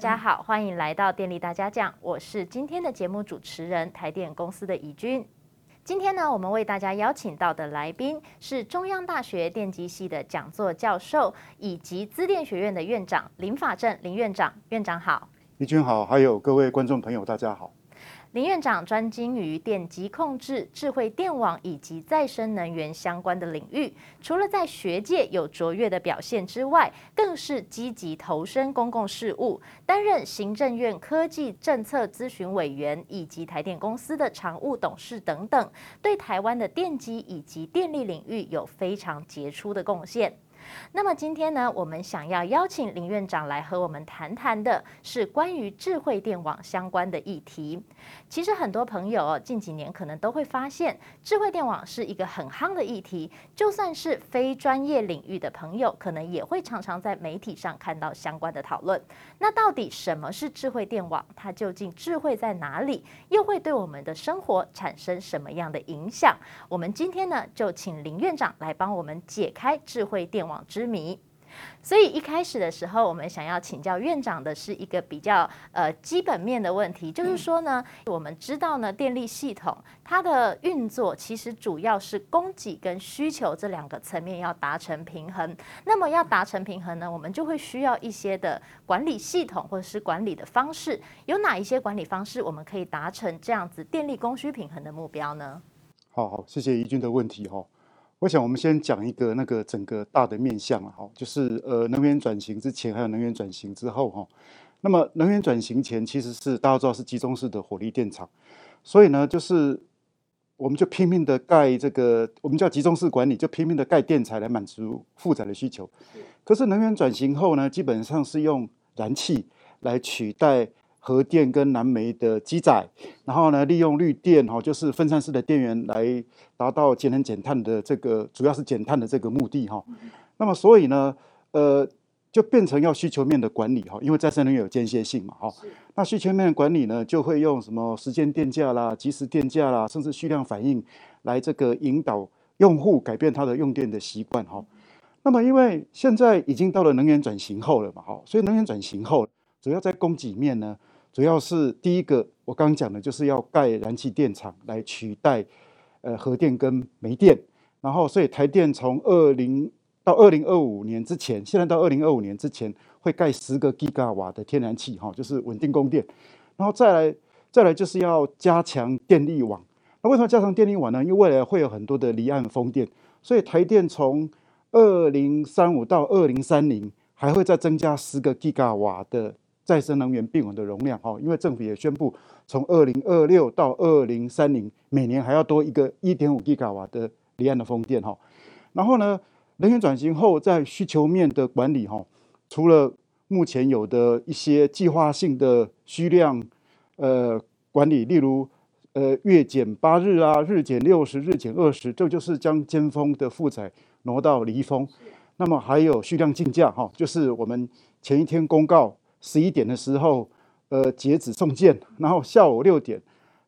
嗯、大家好，歡迎來到電力大家講，我是今天的節目主持人台電公司的怡君。今天呢，我們為大家邀請到的來賓是中央大學電機系的講座教授以及資電學院的院長林法正林院長。院長好，怡君好，還有各位觀眾朋友，大家好。林院長專精於電機控制、智慧電網以及再生能源相關的領域。除了在學界有卓越的表現之外，更是積極投身公共事務，擔任行政院科技政策諮詢委員以及台電公司的常務董事等等，對台灣的電機以及電力領域有非常傑出的貢獻。那麼今天呢，我們想要邀請林院長來和我們談談的是關於智慧電網相關的議題。其實很多朋友哦，近幾年可能都會發現，智慧電網是一個很夯的議題，就算是非專業領域的朋友，可能也會常常在媒體上看到相關的討論。那到底什麼是智慧電網？它究竟智慧在哪裡？又會對我們的生活產生什麼樣的影響？我們今天呢，就請林院長來幫我們解開智慧電網之謎，所以一開始的時候，我們想要請教院長的是一個比較呃基本面的問題，就是說呢，我們知道呢，電力系統它的運作其實主要是供給跟需求這兩個層面要達成平衡。那麼要達成平衡呢，我們就會需要一些的管理系統或者是管理的方式。有哪一些管理方式我們可以達成這樣子電力供需平衡的目標呢？好好，謝謝宜君的問題哈、哦。我想，我們先講一個那個整個大的面向啊，哈，就是呃，能源轉型之前還有能源轉型之後哈。那麼，能源轉型前其實是大家知道是集中式的火力電廠，所以呢，就是我們就拼命的蓋這個，我們叫集中式管理，就拼命的蓋電材來滿足負載的需求。可是，能源轉型後呢，基本上是用燃氣來取代。核電跟燃煤的基載，然後呢，利用綠電哈，就是分散式的電源來達到節能減碳的這個，主要是減碳的這個目的哈。那麼所以呢，呃，就變成要需求面的管理哈，因為再生能源有間歇性嘛哈。那需求面的管理呢，就會用什麼時間電價啦、即時電價啦，甚至蓄量反應來這個引導用戶改變它的用電的習慣哈。那麼因為現在已經到了能源轉型後了嘛哈，所以能源轉型後主要在供給面呢。主要是第一個，我剛剛講的就是要蓋燃氣電廠來取代，呃，核電跟煤電。然後，所以台電從二零到二零二五年之前，現在到二零二五年之前會蓋十個 GW 的天然氣，哈，就是穩定供電。然後再來，再來就是要加強電力網。那為什麼加強電力網呢？因為未來會有很多的離岸風電，所以台電從二零三五到二零三零還會再增加十個 GW 的。再生能源併網的容量哈，因為政府也宣布，從二零二六到二零三零，每年還要多一個一點五吉瓦的離岸的風電哈。然後呢，能源轉型後，在需求面的管理哈，除了目前有的一些計劃性的需量呃管理，例如呃月減八日啊，日減六十，日減二十，這就是將尖峰的負載挪到離峰。那麼還有需量競價哈，就是我們前一天公告。十一點的時候，呃，截止送件，然後下午六點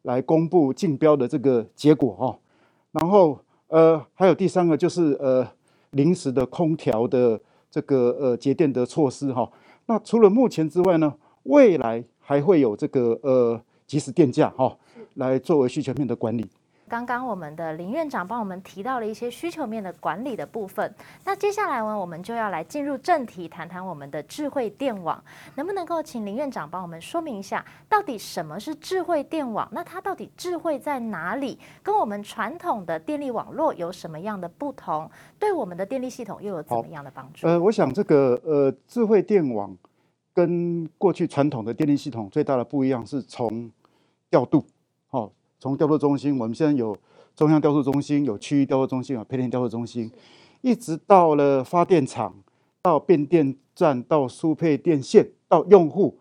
來公布競標的這個結果哦。然後，呃，還有第三個就是呃，臨時的空調的這個呃節電的措施哦。那除了目前之外呢，未來還會有這個呃即時電價哦，來作為需求面的管理。剛剛我們的林院長幫我們提到了一些需求面的管理的部分，那接下來呢，我們就要來進入正題，談談我們的智慧電網，能不能夠請林院長幫我們說明一下，到底什麼是智慧電網？那它到底智慧在哪裡？跟我們傳統的電力網絡有什麼樣的不同？對我們的電力系統又有怎麼樣的幫助？呃，我想這個呃，智慧電網跟過去傳統的電力系統最大的不一樣是從調度，好、哦。從調度中心，我們現在有中央調度中心，有區域調度中心，有配電調度中心，一直到了發電廠，到變電站，到輸配電線，到用戶，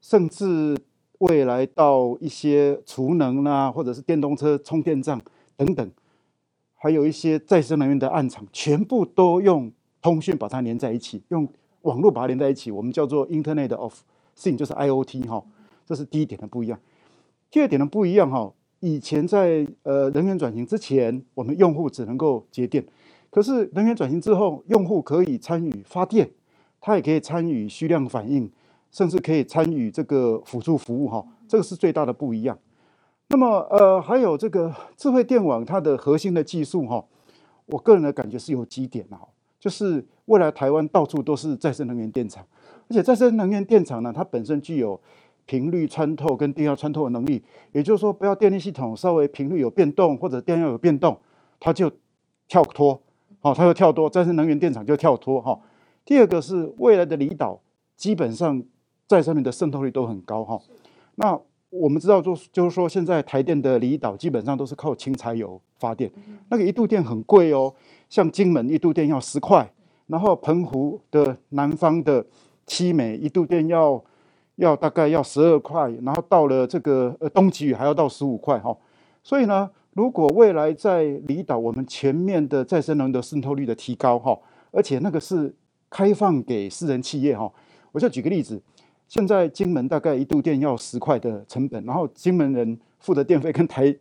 甚至未來到一些儲能啊，或者是電動車充電站等等，還有一些再生能源的案場，全部都用通訊把它連在一起，用網絡把它連在一起，我們叫做 Internet of Things，就是 I O T 哈，這是第一點的不一樣。第二點的不一樣哈。以前在呃能源轉型之前，我們用戶只能夠節電，可是能源轉型之後，用戶可以參與發電，它也可以參與需量反應，甚至可以參與這個輔助服務哈、哦，這個是最大的不一樣。那麼呃還有這個智慧電網它的核心的技術哈、哦，我個人的感覺是有幾點哈、哦，就是未來台灣到處都是再生能源電廠，而且再生能源電廠呢，它本身具有，頻率穿透跟電壓穿透的能力，也就是說，不要電力系統稍微頻率有變動或者電壓有變動，它就跳脫，好，它就跳脫，再生能源電廠就跳脫哈。第二個是未來的離島，基本上再生能源的滲透率都很高哈。那我們知道，就就是說，現在台電的離島基本上都是靠輕柴油發電，那個一度電很貴哦，像金門一度電要十塊，然後澎湖的南方的七美一度電要。要大概要十二塊，然後到了這個呃東吉嶼還要到十五塊哈、哦，所以呢，如果未來在離島我們前面的再生能源的滲透率的提高哈、哦，而且那個是開放給私人企業哈、哦，我就舉個例子，現在金門大概一度電要十塊的成本，然後金門人付的電費跟台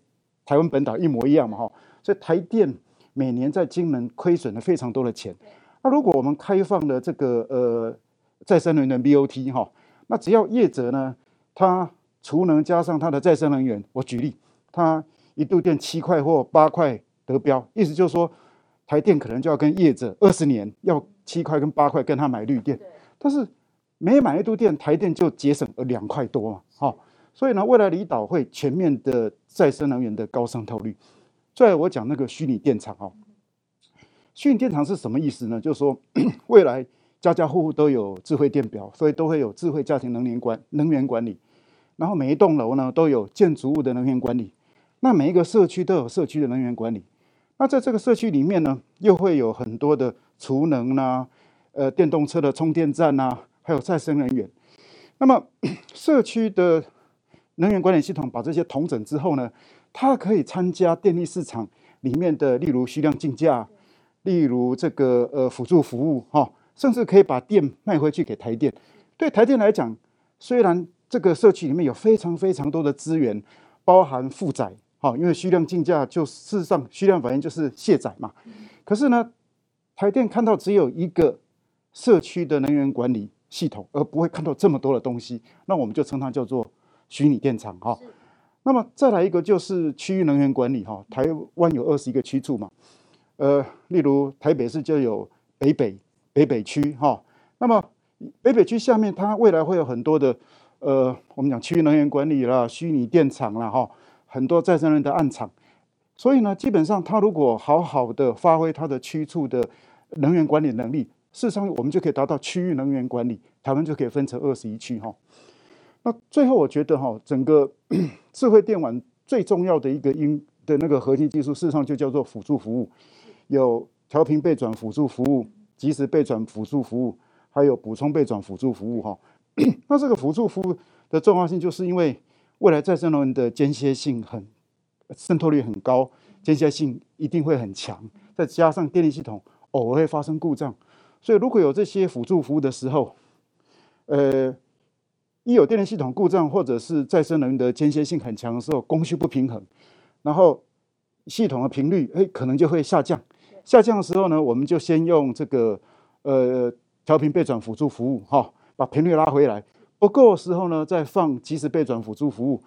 台灣本島一模一樣嘛哈、哦，所以台電每年在金門虧損了非常多的錢，那對、啊、如果我們開放了這個呃再生能源的 BOT 哈、哦。那只要業者呢，他儲能加上他的再生能源，我舉例，他一度電七塊或八塊得標，意思就是說，台電可能就要跟業者二十年要七塊跟八塊跟他買綠電，對但是每買一度電，台電就節省兩塊多嘛，哈、哦，所以呢，未來離島會全面的再生能源的高滲透率，再我講那個虛擬電廠哦，虛擬電廠是什麼意思呢？就是說 未來。家家戶戶都有智慧電錶，所以都會有智慧家庭能源管能源管理。然後每一棟樓呢，都有建築物的能源管理，那每一個社區都有社區的能源管理。那在這個社區裡面呢，又會有很多的儲能吶、啊，呃，電動車的充電站吶、啊，還有再生能源。那麼社區的能源管理系統把這些統整之後呢，它可以參加電力市場裡面的，例如需量競價，例如這個呃輔助服務哈。哦甚至可以把電賣回去給台電。對台電來講，雖然這個社區裡面有非常非常多的資源，包含負載，哈，因為需量競價就事實上需量反應就是卸載嘛。可是呢，台電看到只有一個社區的能源管理系統，而不會看到這麼多的東西，那我們就稱它叫做虛擬電廠哈。那麼再來一個就是區域能源管理哈、哦，台灣有二十一個區處嘛，呃，例如台北市就有北北。北北區哈、哦，那麼北北區下面，它未來會有很多的，呃，我們講區域能源管理啦，虛擬電廠啦，哈、哦，很多再生能源的暗廠，所以呢，基本上它如果好好的發揮它的區處的能源管理能力，事實上我們就可以達到區域能源管理，台灣就可以分成二十一區哈。那最後我覺得哈、哦，整個智慧電網最重要的一個因的那個核心技術，事實上就叫做輔助服務，有調頻備轉輔助服務。即時備轉輔助服務，還有補充備轉輔助服務，哈， 那這個輔助服務的重要性，就是因為未來再生能源的間歇性很滲透率很高，間歇性一定會很強，再加上電力系統偶爾會發生故障，所以如果有這些輔助服務的時候，呃，一有電力系統故障，或者是再生能源的間歇性很強的時候，供需不平衡，然後系統的頻率，哎，可能就會下降。下降的時候呢，我們就先用這個呃調頻備轉輔助服務哈、哦，把頻率拉回來；不夠的時候呢，再放即時備轉輔助服務，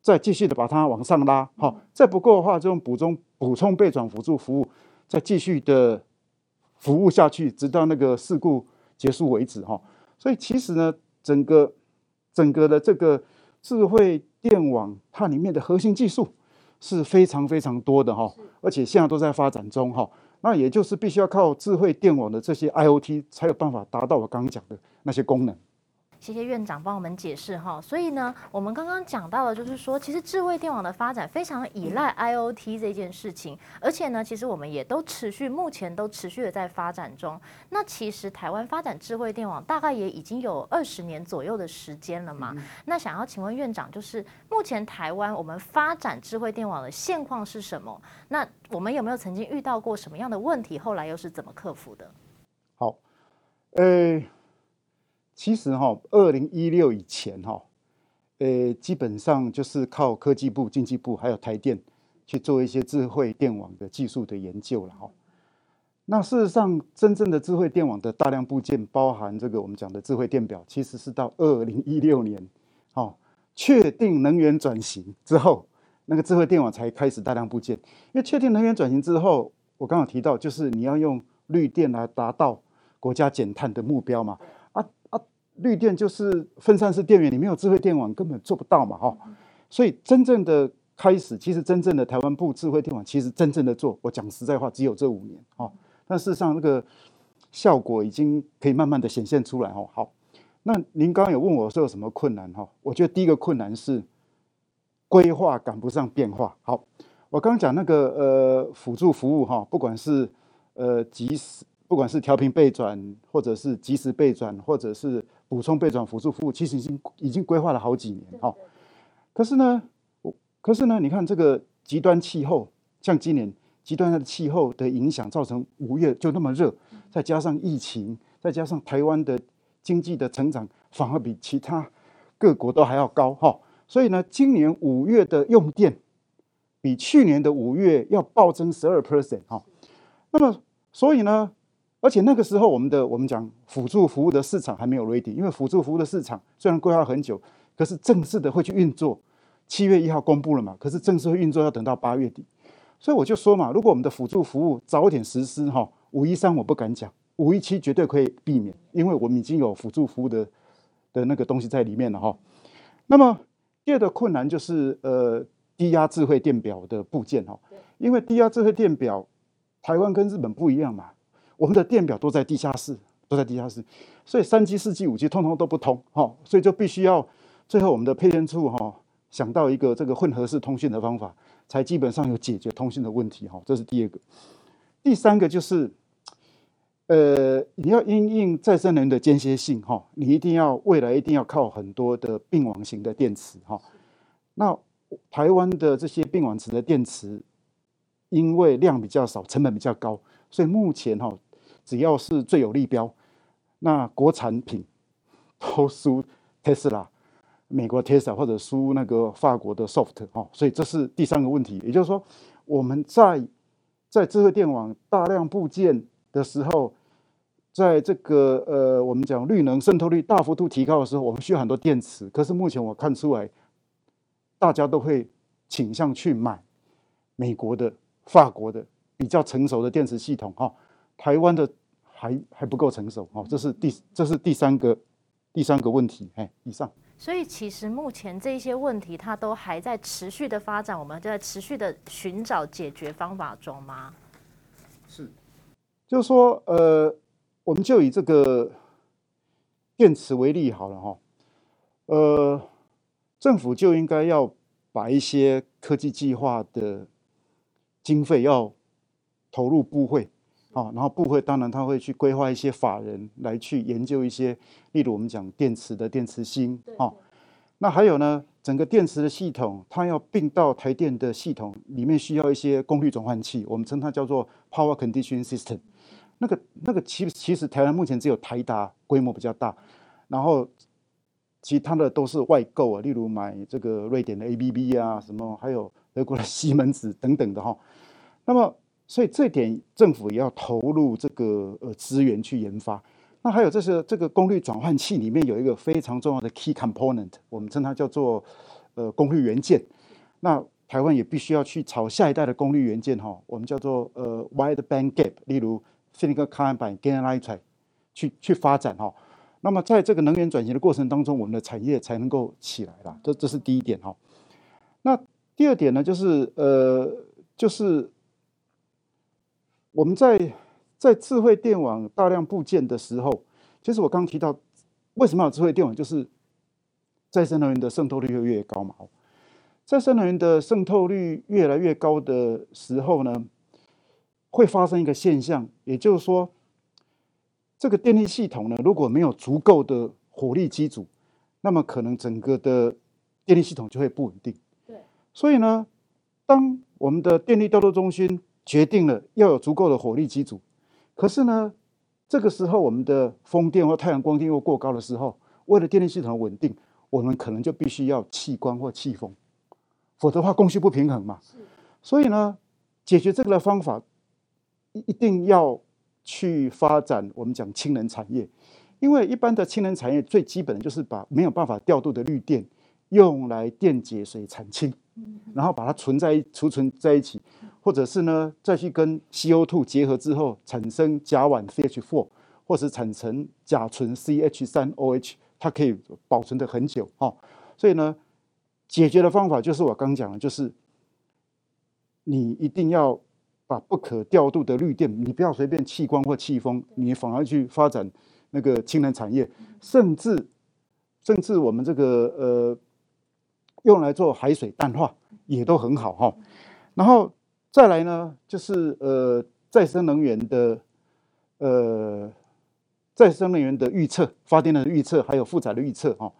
再繼續的把它往上拉；哈、哦，再不夠的話，就用補充補充備轉輔助服務，再繼續的服務下去，直到那個事故結束為止哈、哦。所以其實呢，整個整個的這個智慧電網它裡面的核心技術是非常非常多的哈、哦，而且現在都在發展中哈。哦那也就是必須要靠智慧電網的這些 IoT，才有辦法達到我剛剛講的那些功能。謝謝院長幫我們解釋哈，所以呢，我們剛剛講到的就是說，其實智慧電網的發展非常依賴 IoT 這件事情，而且呢，其實我們也都持續，目前都持續的在發展中。那其實台灣發展智慧電網大概也已經有二十年左右的時間了嘛。那想要請問院長，就是目前台灣我們發展智慧電網的現況是什麼？那我們有沒有曾經遇到過什麼樣的問題？後來又是怎麼克服的？好，呃。其實哈，二零一六以前哈，呃，基本上就是靠科技部、經濟部還有台電去做一些智慧電網的技術的研究了哈。那事實上，真正的智慧電網的大量佈建，包含這個我們講的智慧電表，其實是到二零一六年，哈，確定能源轉型之後，那個智慧電網才開始大量佈建。因為確定能源轉型之後，我剛剛有提到，就是你要用綠電來達到國家減碳的目標嘛。綠電就是分散式電源，你沒有智慧電網根本做不到嘛，哈。所以真正的開始，其實真正的台灣部智慧電網，其實真正的做，我講實在話，只有這五年，哈。但事實上，那個效果已經可以慢慢的顯現出來，哦。好，那您剛剛有問我說有什麼困難，哈？我覺得第一個困難是規劃趕不上變化。好，我剛剛講那個呃輔助服務，哈，不管是呃即時，不管是調頻備轉，或者是即時備轉，或者是補充備轉輔助服務，其實已經已經規劃了好幾年哈、哦。可是呢，可是呢，你看這個極端氣候，像今年極端的氣候的影響，造成五月就那麼熱，再加上疫情，再加上台灣的經濟的成長，反而比其他各國都還要高哈、哦。所以呢，今年五月的用電比去年的五月要暴增十二 percent 哈。哦、那麼，所以呢？而且那個時候，我們的我們講輔助服務的市場還沒有 ready，因為輔助服務的市場雖然規劃很久，可是正式的會去運作，七月一號公布了嘛，可是正式會運作要等到八月底，所以我就說嘛，如果我們的輔助服務早點實施吼，五一三我不敢講，五一七絕對可以避免，因為我們已經有輔助服務的的那個東西在裡面了吼，那麼第二個困難就是呃低壓智慧電表的部件哈，因為低壓智慧電表台灣跟日本不一樣嘛。我們的電表都在地下室，都在地下室，所以三 G、四 G、五 G 通通都不通，哈、哦，所以就必須要最後我們的配電處哈、哦、想到一個這個混合式通訊的方法，才基本上有解決通訊的問題，哈、哦，這是第二個。第三個就是，呃，你要因應再生能源的間歇性，哈、哦，你一定要未來一定要靠很多的併網型的電池，哈、哦，那台灣的這些並網型的電池，因為量比較少，成本比較高，所以目前哈。哦只要是最有利標，那國產品都輸特斯拉，美國 Tesla 或者輸那個法國的 Soft 哦，所以這是第三個問題。也就是說，我們在在智慧電網大量部件的時候，在這個呃，我們講綠能滲透率大幅度提高的時候，我們需要很多電池。可是目前我看出來，大家都會傾向去買美國的、法國的比較成熟的電池系統哈。哦台灣的還還不夠成熟，哦，這是第這是第三個第三個問題，哎，以上。所以其實目前這些問題它都還在持續的發展，我們在持續的尋找解決方法中嗎？是，就是說，呃，我們就以這個電池為例好了，哈，呃，政府就應該要把一些科技計劃的經費要投入部會。啊，然後部會，當然他會去規劃一些法人來去研究一些，例如我們講電池的電池芯、哦對對，啊，那還有呢，整個電池的系統，它要並到台電的系統裡面，需要一些功率轉換器，我們稱它叫做 Power Conditioning System、嗯，那個。那個那個其其實台灣目前只有台達規模比較大，然後其他的都是外購啊，例如買這個瑞典的 ABB 啊，什麼還有德國的西門子等等的哈、哦，那麼。所以這點政府也要投入這個呃資源去研發。那還有就是這個功率轉換器裡面有一個非常重要的 key component，我們稱它叫做呃功率元件。那台灣也必須要去朝下一代的功率元件哈、哦，我們叫做呃 wide band gap，例如是那個 silicon carbide、GaN light，去去發展哈、哦。那麼在這個能源轉型的過程當中，我們的產業才能夠起來了。這這是第一點哈、哦。那第二點呢，就是呃就是。我們在在智慧電網大量布建的時候，其實我剛提到為什麼有智慧電網，就是再生能源的滲透率越來越高嘛。再生能源的滲透率越來越高的時候呢，會發生一個現象，也就是說，這個電力系統呢，如果沒有足夠的火力機組，那麼可能整個的電力系統就會不穩定。對。所以呢，當我們的電力調度中心決定了要有足夠的火力機組，可是呢，這個時候我們的風電或太陽光電又過過高的時候，為了電力系統的穩定，我們可能就必須要棄光或棄風，否則的話供需不平衡嘛。是的。所以呢，解決這個的方法一一定要去發展我們講氫能產業，因為一般的氫能產業最基本的就是把沒有辦法調度的綠電用來電解水產氫，然後把它存在、儲存在一起。或者是呢，再去跟 CO two 結合之後，產生甲烷 CH four，或者產生甲醇 CH 三 OH，它可以保存的很久哈、哦。所以呢，解決的方法就是我剛講的，就是你一定要把不可調度的綠電，你不要隨便棄光或棄風，你反而去發展那個氫能產業，甚至甚至我們這個呃用來做海水淡化也都很好哈。哦嗯、然後。再來呢，就是呃，再生能源的，呃，再生能源的預測、發電的預測，還有負載的預測哈。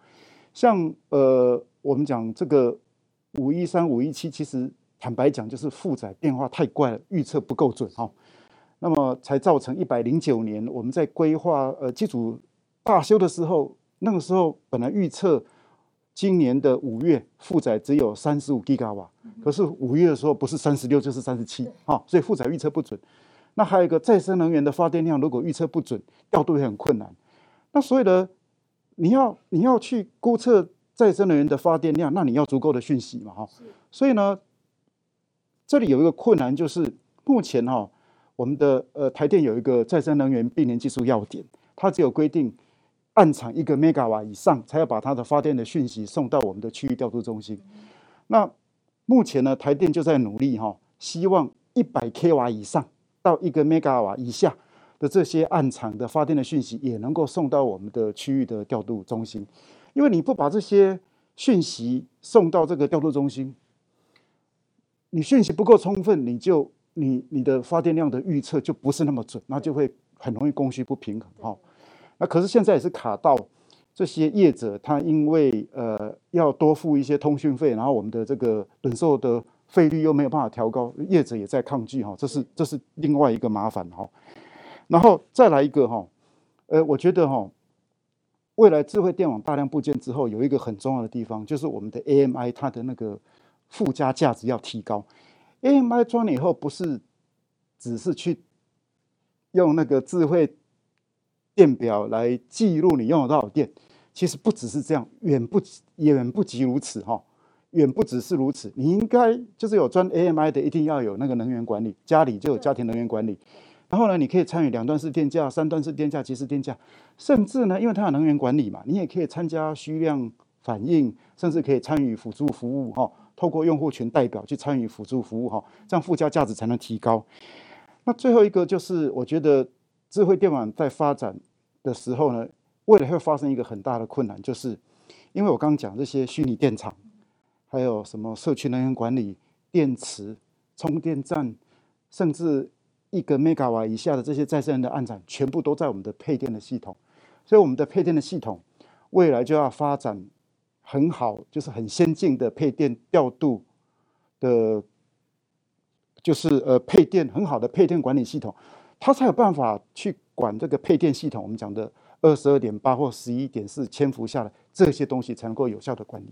像呃，我們講這個五一三、五一七，其實坦白講，就是負載變化太快了，預測不夠準哈。那麼才造成一百零九年我們在規劃呃機組大修的時候，那個時候本來預測，今年的五月負載只有三十五吉瓦，可是五月的時候不是三十六就是三十七哈，所以負載預測不準。那還有一個再生能源的發電量，如果預測不準，調度也很困難。那所以呢，你要你要去估測再生能源的發電量，那你要足夠的訊息嘛哈。哦、是所以呢，這裡有一個困難，就是目前哈、哦，我們的呃台電有一個再生能源併聯技術要點，它只有規定。案場一個 megawatt 以上，才要把它的發電的訊息送到我們的區域調度中心。那目前呢，台電就在努力哈、哦，希望一百 k 瓦以上到一個 megawatt 以下的這些案場的發電的訊息，也能夠送到我們的區域的調度中心。因為你不把這些訊息送到這個調度中心，你訊息不夠充分，你就你你的發電量的預測就不是那麼準，那就會很容易供需不平衡哈、哦。那可是現在也是卡到這些業者，他因為呃要多付一些通訊費，然後我們的這個零售的費率又沒有辦法調高，業者也在抗拒哈，這是這是另外一個麻煩哈。然後再來一個哈，呃，我覺得哈，未來智慧電網大量布建之後，有一個很重要的地方就是我們的 AMI 它的那個附加價值要提高。AMI 裝了以後，不是只是去用那個智慧電表來記錄你用了多少電，其實不只是這樣，遠不遠不及如此哈，遠不只是如此。你應該就是有專 AMI 的，一定要有那個能源管理，家裡就有家庭能源管理。然後呢，你可以參與兩段式電價、三段式電價、即時電價，甚至呢，因為它有能源管理嘛，你也可以參加需量反應，甚至可以參與輔助服務哈。透過用戶群代表去參與輔助服務哈，這樣附加價值才能提高。那最後一個就是，我覺得智慧電網在發展。的時候呢，未來會發生一個很大的困難，就是因為我剛剛講這些虛擬電廠，還有什麼社區能源管理、電池充電站，甚至一個兆瓦以下的這些再生能源的案場，全部都在我們的配電的系統，所以我們的配電的系統未來就要發展很好，就是很先進的配電調度的，就是呃配電很好的配電管理系統。他才有辦法去管這個配電系統，我們講的二十二點八或十一點四千伏下來，這些東西才能夠有效的管理。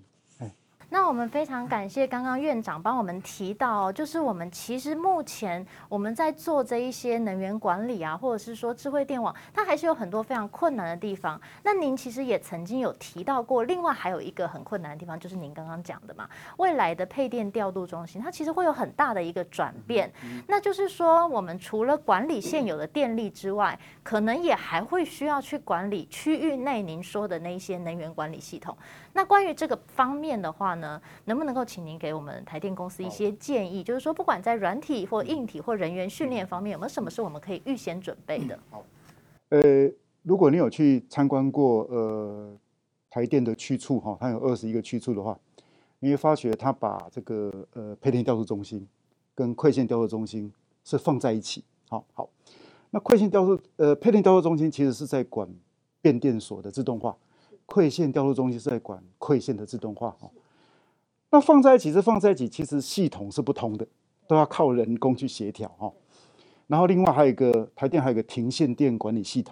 那我們非常感謝剛剛院長幫我們提到，就是我們其實目前我們在做這一些能源管理啊，或者是說智慧電網，它還是有很多非常困難的地方。那您其實也曾經有提到過，另外還有一個很困難的地方，就是您剛剛講的嘛，未來的配電調度中心，它其實會有很大的一個轉變，那就是說我們除了管理現有的電力之外，可能也還會需要去管理區域內您說的那一些能源管理系統。那關於這個方面的話呢，能不能夠請您給我們台電公司一些建議？就是說，不管在軟體或硬體或人員訓練方面，有沒有什麼是我們可以預先準備的？好、嗯。好，呃，如果你有去參觀過呃台電的區處哈，它有二十一個區處的話，你會發覺它把這個呃配電調度中心跟饋線調度中心是放在一起。好好，那饋線調度呃配電調度中心其實是在管變電所的自動化。饋線調度中心是在管饋線的自動化哦，那放在一起是放在一起，其實系統是不同的，都要靠人工去協調哦。然後另外還有一個台電，還有一個停線電管理系統。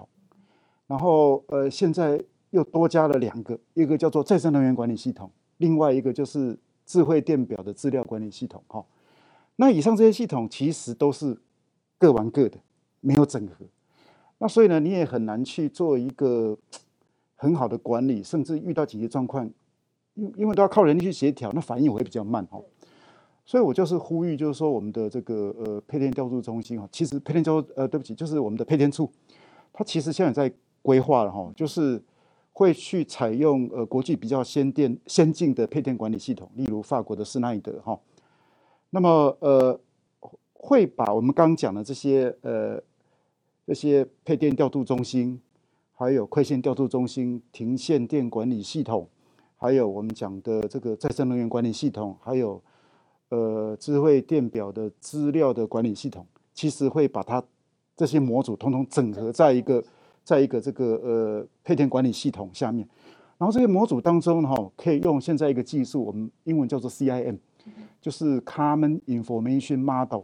然後呃，現在又多加了兩個，一個叫做再生能源管理系統，另外一個就是智慧電表的資料管理系統哈、哦。那以上這些系統其實都是各玩各的，沒有整合。那所以呢，你也很難去做一個。很好的管理，甚至遇到緊急狀況，因因為都要靠人力去協調，那反應我會比較慢哈。所以我就是呼籲，就是說我們的這個呃配電調度中心哈，其實配電調度呃對不起，就是我們的配電處，它其實現在在規劃了哈，就是會去採用呃國際比較先電先進的配電管理系統，例如法國的施耐德哈。那麼呃，會把我們剛講的這些呃這些配電調度中心。還有快線調度中心、停線電管理系統，還有我們講的這個再生能源管理系統，還有呃智慧電表的資料的管理系統，其實會把它這些模組統統整合在一個在一個這個呃配電管理系統下面。然後這些模組當中哈，可以用現在一個技術，我們英文叫做 CIM，就是 Common Information Model，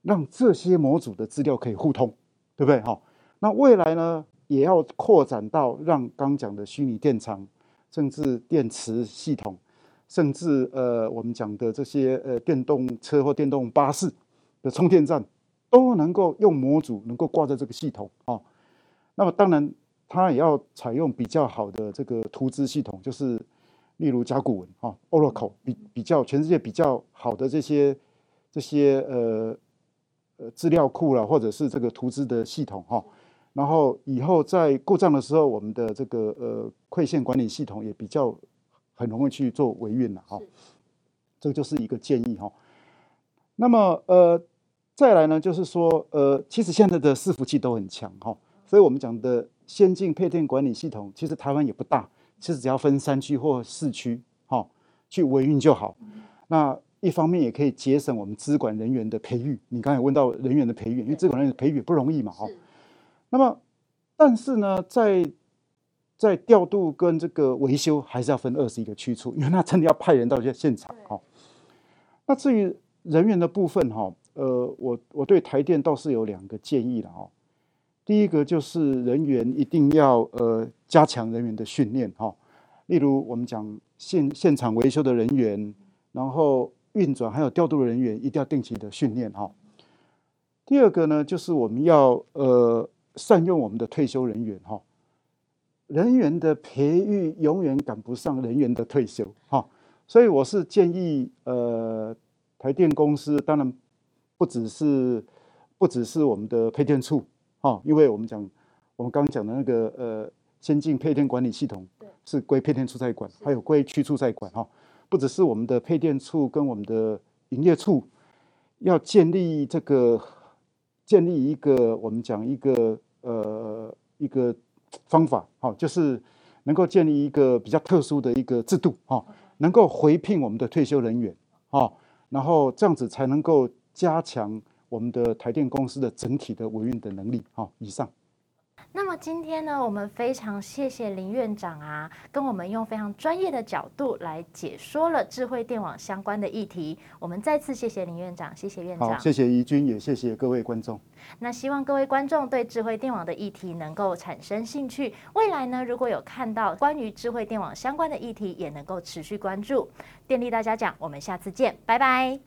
讓這些模組的資料可以互通，對不對？哈，那未來呢？也要擴展到讓剛講的虛擬電廠，甚至電池系統，甚至呃我們講的這些呃電動車或電動巴士的充電站，都能夠用模組能夠掛在這個系統哈、哦，那麼當然，它也要採用比較好的這個圖資系統，就是例如甲骨文哈、哦、Oracle 比比較全世界比較好的這些這些呃呃資料庫啦，或者是這個圖資的系統哈。哦然後以後在故障的時候，我們的這個呃饋線管理系統也比較很容易去做維運了哈、哦，這個就是一個建議哈、哦。那麼呃再來呢，就是說呃其實現在的伺服器都很強哈、哦，所以我們講的先進配電管理系統，其實台灣也不大，其實只要分三區或四區哈、哦、去維運就好。那一方面也可以節省我們資管人員的培育。你剛才問到人員的培育，因為資管人員的培育也不容易嘛哈、哦。那麼，但是呢，在在調度跟這個維修還是要分二十一個區處，因為他真的要派人到這現場、哦、對那至於人員的部分哈、哦，呃，我我對台電倒是有兩個建議了哈、哦。第一個就是人員一定要呃加強人員的訓練哈，例如我們講現現場維修的人員，然後運轉還有調度的人員一定要定期的訓練哈。哦嗯、第二個呢，就是我們要呃。善用我們的退休人員哈，人員的培育永遠趕不上人員的退休哈，所以我是建議呃台電公司，當然不只是不只是我們的配電處哈，因為我們講我們剛剛講的那個呃先進配電管理系統是歸配電處在管，還有歸區處在管哈，不只是我們的配電處跟我們的營業處要建立這個建立一個我們講一個。呃，一個方法，哈，就是能夠建立一個比較特殊的一個制度，哈，能夠回聘我們的退休人員，哈，然後這樣子才能夠加強我們的台電公司的整體的維運的能力，哈，以上。那麼今天呢，我們非常謝謝林院長啊，跟我們用非常專業的角度來解說了智慧電網相關的議題。我們再次謝謝林院長，謝謝院長，謝謝怡君，也謝謝各位觀眾。那希望各位觀眾對智慧電網的議題能夠產生興趣。未來呢，如果有看到關於智慧電網相關的議題，也能夠持續關注。電力大家講，我們下次見，拜拜。